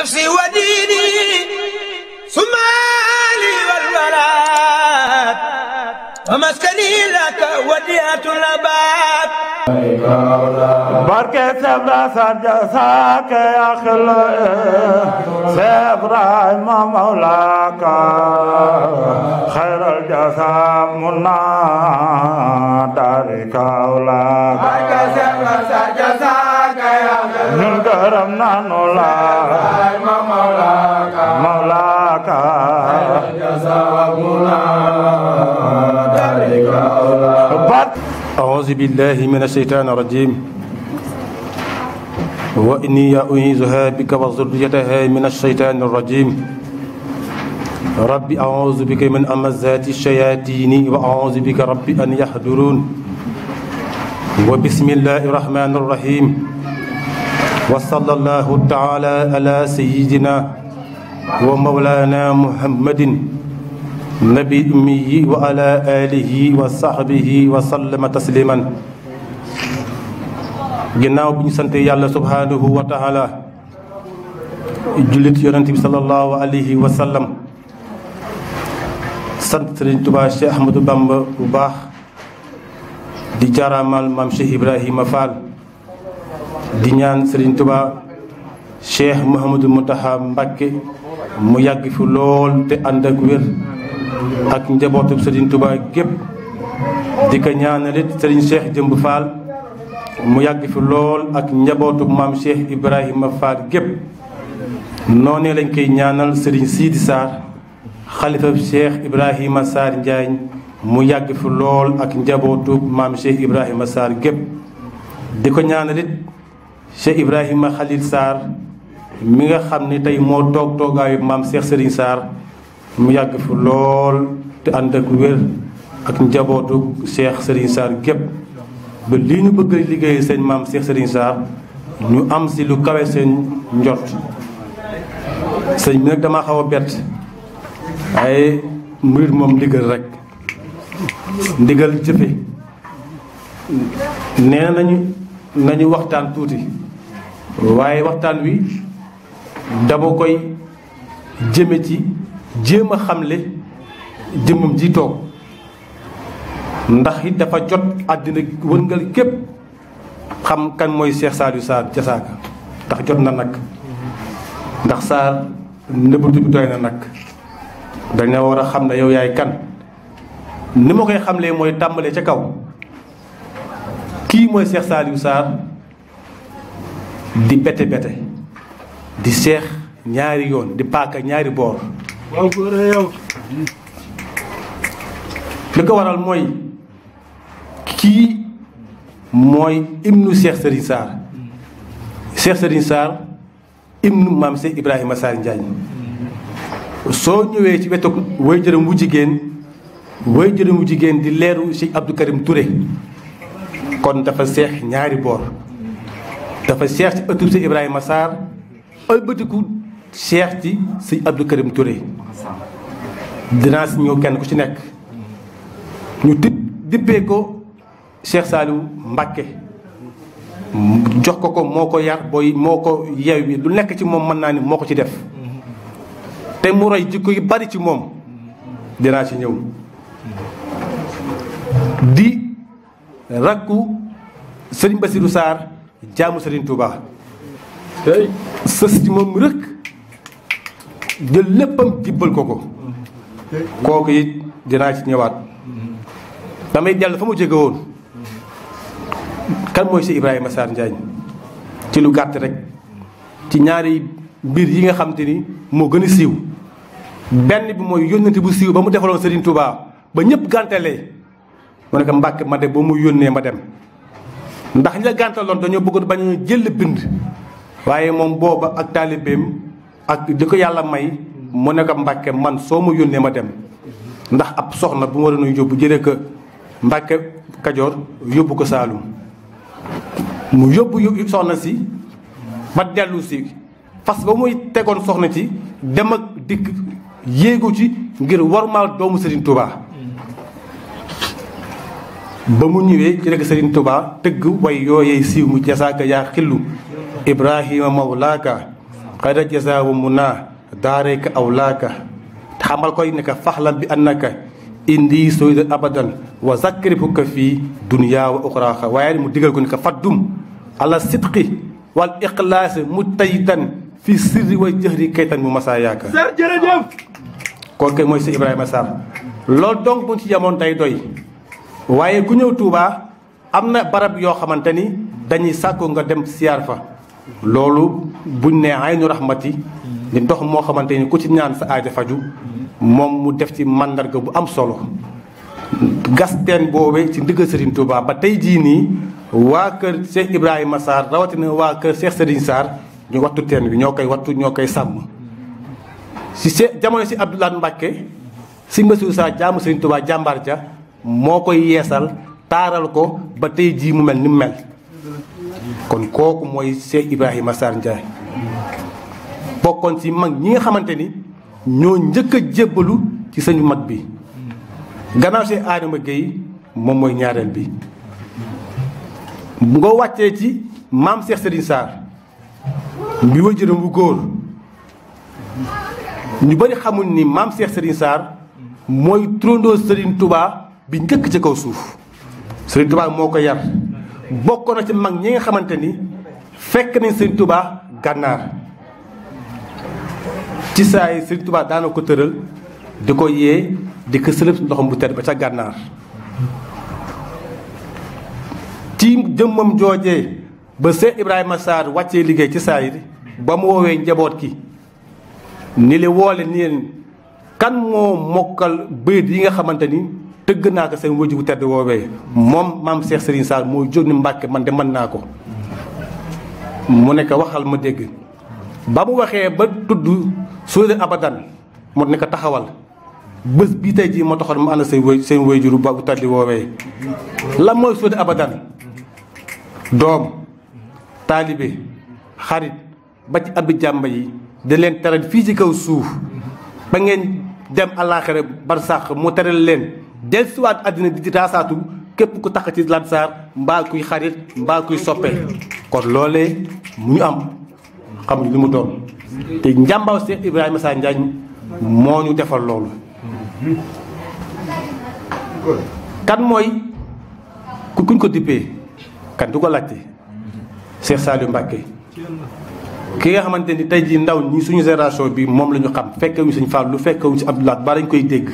نفسي وديني ثم لي والولد ومسكني لك وديعة الأباد بركة سبرا سجا ساك يا خل سبرا ما مولاك خير الجزاء منا دارك أولاك بركة سبرا سجا ساك من كرمنا أعوذ بالله من الشيطان الرجيم وإني أعيذها بك وذريتها من الشيطان الرجيم ربي أعوذ بك من أمزات الشياطين وأعوذ بك ربي أن يحضرون وبسم الله الرحمن الرحيم وصلى الله تعالى على سيدنا ومولانا محمد نبي أمي وعلى آله وصحبه وسلم تسليما جناو بن سنت يالا سبحانه وتعالى جلت يرنتي صلى الله عليه وسلم سنت سرين تبا الشيخ أحمد بامب وباخ دي جارة مال مام إبراهيم فال di ñaan Serigne Touba Cheikh Mouhamadou Mountakha Mbacké mu yàgg fi lool te ànd ak wér ak njabootu sëriñ Touba gépp di ko ñaanalit Serigne Cheikh Jëmb Fall mu yàgg fi lool ak njabootu maam Cheikh Ibrahima Fall gépp noonee lañ koy ñaanal Serigne Sidi Sarr xalifa Cheikh Ibrahima Sarr Njaañ mu yàgg fi lool ak njabootu maam Cheikh Ibrahima Sarr gépp di ko ñaanalit Cheikh Ibrahima Khalil sar mi nga xamni tay mo tok toog mam maam Cheikh Serigne sar mu yag fu lol te and ak wer ak njabootu Cheikh Serigne sar gep ba li ñu bëgg liggéey seen mam Cheikh Serigne sar ñu am si lu kawé seen njort sëñ bi dama xawa bet ay mbir mom moom rek ndigal jëfé nee nañu nañu waxtaan tuuti waaye waxtaan wi dama koy jëme ci jéem a xamle jëmmam ji ndax it dafa jot àddina wërngal képp xam kan mooy Cheikh Saliou Sarr ca saaka ndax jot na nag ndax Sarr nëbbatu bi na nag daña war a xam ne yow yaay kan ni ma koy xamlee mooy tàmbalee ca kaw kii mooy Cheikh Saliou Sarr di bete bete di seex ñaari yoon di paaka ñaari boor. li ko waral mooy kii mooy ibnu Cheikh Serigne Sarr Cheikh Serigne Sarr ibnu maam Cheikh Ibrahima Sarr Ndiagne soo ñëwee ci wetu way jërëm wu jigéen way jërëm wu jigéen di leeru Cheikh Abdou Karim Touré kon dafa seex ñaari boor. dafa seex ci ëttub si Ibrahima Sarr ëlbatiku seex ci sëñ Abdou Karim Touré dinaa si ñëw kenn ku ci nekk ñu di dippee ko Cheikh Saliou Mbacké jox ko ko moo ko yar booy moo ko yeew lu nekk ci moom mën naa ni moo ko ci def te mu roy jikko yi bari ci moom dinaa ci ñëw di rakku sëriñ Basirou Sarr jaamu Serigne Touba tey sës ci moom rëkk jël léppam jibbal ko ko kooku it dinaa ci ñëwaat damay jàll fa mu jege woon kan mooy si Ibrahima Sarr Ndiagne ci lu gàtt rek ci ñaari mbir yi nga xam te ni moo gën a siiw benn bi mooy yónnante bu siiw ba mu defaloon Serigne Touba ba ñëpp gàntalee mu ne ko ma de ba mu yónnee ma dem ndax ñi la gàntaloon dañoo bëgg bañ ñu jël bind waaye moom booba ak taalibeem ak di ko yàlla may mu nekk ko mbàkke man soo ma yónnee ma dem ndax ab soxna bu ma doon yóbbu jëlee ko mbàkke kajoor yóbbu ko saalum mu yóbbu soxna si ba dellu si fas ba muy tegoon soxna ci dem ak dikk yéegu ci ngir warmaal doomu Serigne Touba. ba mu ñëwee ci rek sëriñ tuba tëgg way yooyee siiw mu jasaaka yaa xillu ibrahima mawlaaka xayra jasaawu mu naa daareeka awlaaka xamal koy ne ka faxlan bi annaka indi soyda abadan wa zakkiri fukka fii duniyaa wa uxraaxa waaye mu digal ko ne ka faddum ala sidqi wal ixlaasi mu taytan fi sirri wa jëhri kaytan mu masaa yaaka jërëjëf kooku mooy si Ibrahima Sarr loolu donc bu ci jamoon day doy waye ku ñew Touba amna barab yoo xamanteni dañuy sàkku nga dem siar fa lolu buñ ne aynu rahmati di ndox moo xamante ku ci ñaan sa aaje faju mom mu def ci mandarga bu am solo gas ten ci ndiga Serigne Touba ba tay ji ni wa keur Cheikh Ibrahima rawati na wa keur Cheikh Serigne sar ñu wattu ten bi ñokay wattu ñokay sam si jamono ci Abdoulaye Mbacke si Mbasou sa jamu Serigne Touba jambar ja moo koy yeesal taaral ko ba tey jii mu mel ni mu mel kon kooku mooy Cheikh Ibrahima Sarr Ndiaye bokkoon ci mag ñi nga xamante ni ñoo njëkk a jébbalu ci sëñ mag bi gannaaw Cheikh Adama Gueye moom mooy ñaareel bi bu nga wàccee ci maam Cheikh Serigne Sarr bi wajuram bu góor ñu bëri xamul ni maam Cheikh Serigne Sarr mooy turandoo Serigne Touba bi njëkk ci kaw suuf Serigne Touba moo ko yar bokk na ci mag ñi nga xamante ni fekk nañ Serigne Touba gànnaar ci saa yi Serigne Touba ko tëral di ko yee di ko sëlëb ndoxam bu tedd ba ca gànnaar ci jëmmam jooje ba Cheikh ibraahima Sarr wàccee liggéey ci saa ba mu woowee njaboot gi ni li woole ni leen kan mo mokal bëyit yi nga xamanteni teug na ko seen wëju bu tedd wowe mom mam Cheikh Serigne Sall mo jónni mbacke man de man nako mu ne ko waxal ma deg ba mu waxe ba tuddu abadan mu ne ko taxawal bes bi tay ji mo taxal mu ànd seen wëy tedd abadan dom talibé xarit ba ci abi jàmba yi di leen teral fii ci kaw souf ba ngeen dem àllaaxira barsàq mu teral leen del siwaat àddina di taasaatu képp ku tax ci lansaar mbaa kuy xarit mbaa kuy soppe kon loolee ñu am xamuñ lu mu doon te njàmbaaw Cheikh Ibrahima Sa Njaañ moo ñu defal loolu kan mooy ku kuñ ko dippee kan du ko laajte Cheikh Saliou Mbacké ki nga xamante ni tey jii ndaw ñi suñu génération bi moom la ñu xam fekkewuñu suñu Fall lu fekkewuñu si Abdoulaye ba dañ koy dégg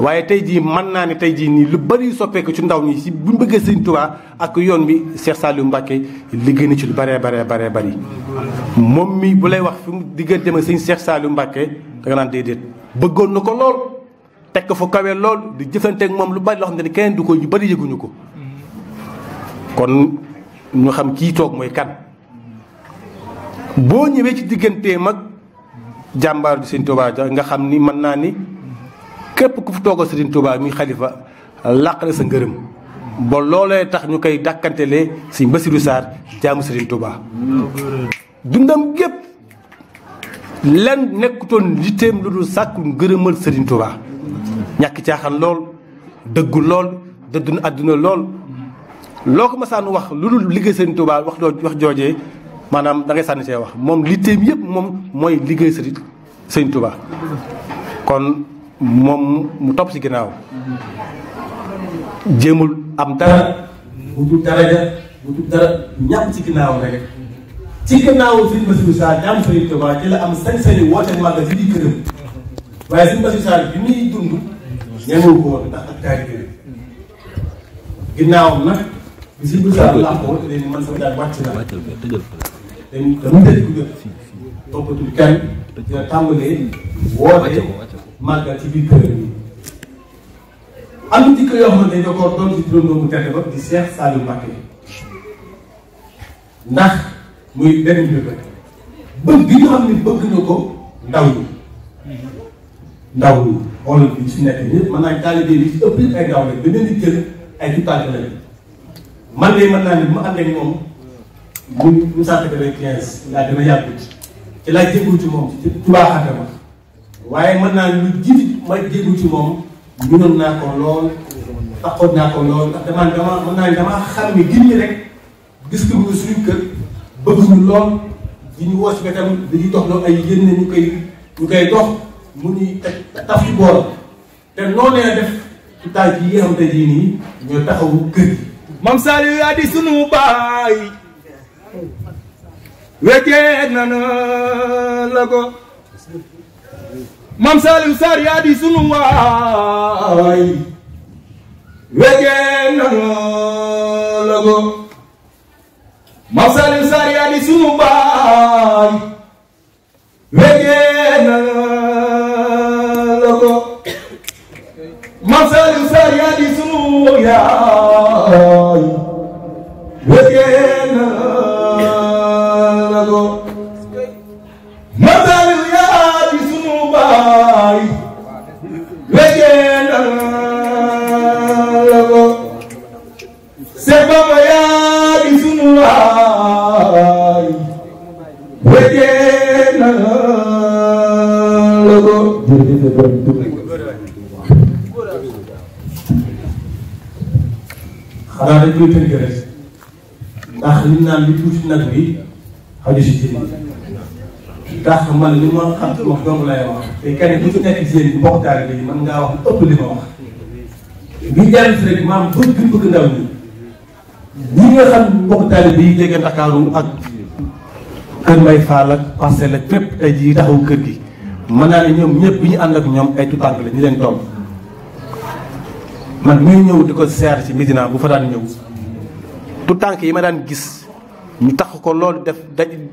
waaye tey ji mën naa ne tey jii nii lu bari soppeeku ci ndaw ñi si buñ bëggee Sëriñ Tuubaa ak yoon bi Cheikh Saliou Mbacké liggéey na ci lu bëree baree baree bëri moom mii bu lay wax fi mu diggante ma seex saa Saliou Mbacké da nga naan déedéet bëggoon na ko lool teg ko fu kawee lool di jëfanteeg moom lu bëri loo xam ne keneen du ko ñu bëri yëguñu ko xam kii toog boo ñëwee ci diggante mag jàmbaar bi Sëriñ Tuubaa ja nga xam ni mën naa ni képp ku fi toogal Sëriñ Tuubaa mi xalifa làqale sa ngërëm ba loolee tax ñu koy dàkkantelee Sëriñ Basiru Saar jaamu Sëriñ Tuubaa dundam gépp lan nekkutoon yitteem lu dul sàkku ngërëmal Sëriñ Tuubaa ñàkk caaxaan lool dëggu lool dëdduna àdduna lool loo ko masaan wax lu dul liggéey Sëriñ Tuubaa wax wax joojee manam da ngay sanni ci wax mom li litteem yëpp mom moy liggéey serigne sëriñ Tuubaa kon mom mu top ci ginaaw jëmul am dara bu dara ja bu wutul dara ñàpp ci ginaaw rek ci ginaaw ginnaaw sëriñ Bassirou Sarr ñaam sëriñ Tuubaa ci la am sañ-sañi woote màgg ci biir këram waaye sëriñ ci sa bi ni dund ñëw ko woon ndax ak taalibe ginaaw nak bi bu sa la ko te man sama jaar wacc na dañuy dañuy tëj ku jot. toppatoo kañ dina tàmbalee woote màggal ci biir kër yi. am na jikko a xamante ne da koo doon ci juróom-doomu texe ba di Cheikh Saliou Mbacké ndax muy benn mbir rek bëgg bi ñu xam ne bëgg na ko ndaw ñi ndaw ñi xoolal bi si nekk ñëpp mën naa taalibe bi ci ëpp ay ndaw rek ba leen di jël ay tuutaat lañu man de mën naa ne bu ma ànd ak moom. mu Moussa Kébé 15 laa gën a yàgg ci laa jégalu ci moom ci Touba Xatama waaye mën naa lu jiitu ma jégalu ci moom mënoon naa ko lool taxoon naa ko lool ndax damaa dama mën naa damaa xam ne gis rek gis nga bu suñu kër bëgguñu lool di ñu woo si tam di dox loolu ay yéen ñu koy ñu koy dox mu ñuy taf ci boor te noonu la def ci taaj yi nga xamante ne nii ñoo taxawu kër yi. Mame Saliou yaa di sunu baay. wékkeeg nana la ko mam Salim Sarr yaa di sunu baay xanaa dañ koy tënk rek ndax li naan li tuuti nag bi xaju man li ma xam wax dong lay wax te kenn ku ci nekk si mbokk taal bi man ngaa wax ëpp li ma wax li jàll si rek maam bëgg bëgg ndaw ñi ñi nga xam mbokk taal bi jege Ndakaaru ak kër Mbay Faal ak parcelle ak fépp tey jii taxaw kër gi mën naa ne ñoom ñëpp bi ñu ànd ak ñoom ay tutànk la ñu leen toll man muy ñew diko ziar ci medina bu fa daan ñew tout tank yi ma daan gis ñu tax ko lool def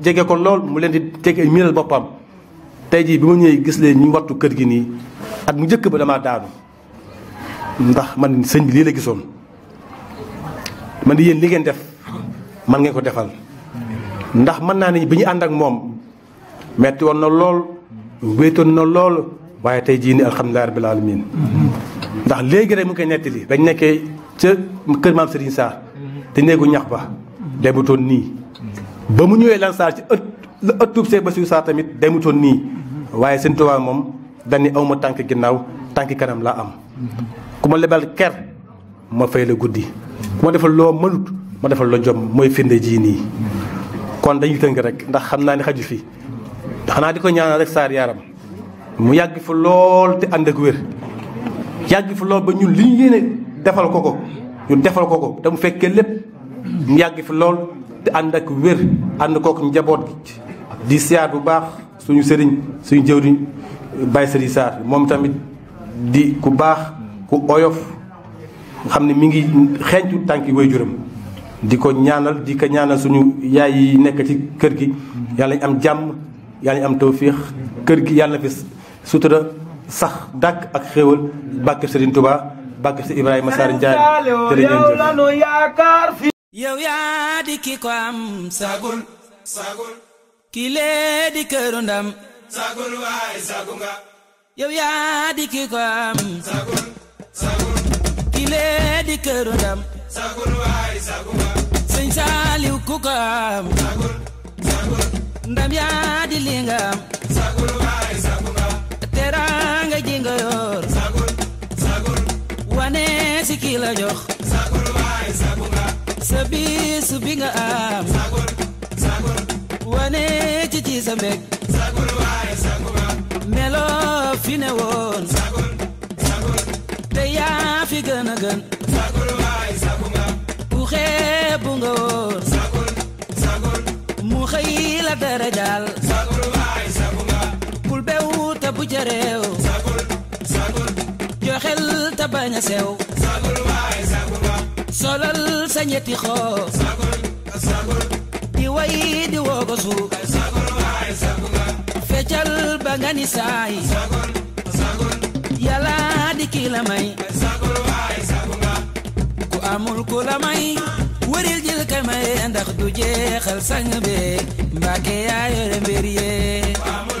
jégué ko lool mu leen di jege miral bopam tay ji bi ma ñëwee gis leen ñu wattu kër gi ni at mu jëk ba dama daanu ndax man sëñ bi li la gisoon man di yeen li ngeen def man ngeen ko defal ndax man naa ne bi ñu and ak mom metti won na lool wéetoon na lool waye tay ji ni alhamdulilah rabbil alamin ndax léegi rek mu ngi koy nettali bañ nekkee ca kër maam Serigne Sarr te néegu ñax ba demutoon nii ba mu ñëwee lan Sarr ci ëtt la ëttub see Bassirou Sarr tamit demutoon nii waaye Sëñ Tuubaa moom dañ ne aw ma tànk ginnaaw tànk kanam laa am ku ma lebal ker ma fay la guddi ku ma defal loo mënut ma defal la jom mooy firnde jii nii kon dañuy tënk rek ndax xam naa ne xaju fi xanaa di ko ñaanal rek Sarr yaram mu yàgg fa lool te ànd ak wér yàgg fi lool ba ñun li ñu yéene defal ko ko ñu defal ko ko te mu fekkee lépp mu yàgg fi lool te ànd ak wér ànd kook njaboot gi di siyaar bu baax suñu sëriñ suñu jëwriñ Baye Sëriñ Sarr moom tamit di ku baax ku oyof xam ne mi ngi xeeñtu tànki waajuram di ko ñaanal di ko ñaanal suñu yaay yi nekk ci kër gi yàlla ñu am jàmm yàlla ñu am tawféex kër gi yàlla na fi sutura sax dàkk ak xéewal bàkk Serigne Touba bàkk si Ibrahima Sarr Ndiaye jërëjëf lanu yaakaar fi yow yaa di ki am sagul sagul lee di këru sagul waay sagu nga yow yaa am sagul ndam yaa di li sagul waay sagu teraanga sagul sagul wane si kii jox sagul waay sagu nga sa nga am sagul sagul ci ci sa sagul waay sagu nga fi ne woon sagul sagul te yaa fi sagul waay sagu nga xeebu nga woon sagul sagul mu xëy dara jaal bu jëreew sagul sagul joxel te bañ sew sagul waay sagul wa solal sa ñetti xoo sagul sagul di way di wogo suuf sagul waay sagul wa feccal ba nga ni saay sagul sagul yàlla di kii la may sagul waay sagul wa ku amul ku la may wëril jël kay may ndax du jeexal sang be mbàkke yaa yore mbir yee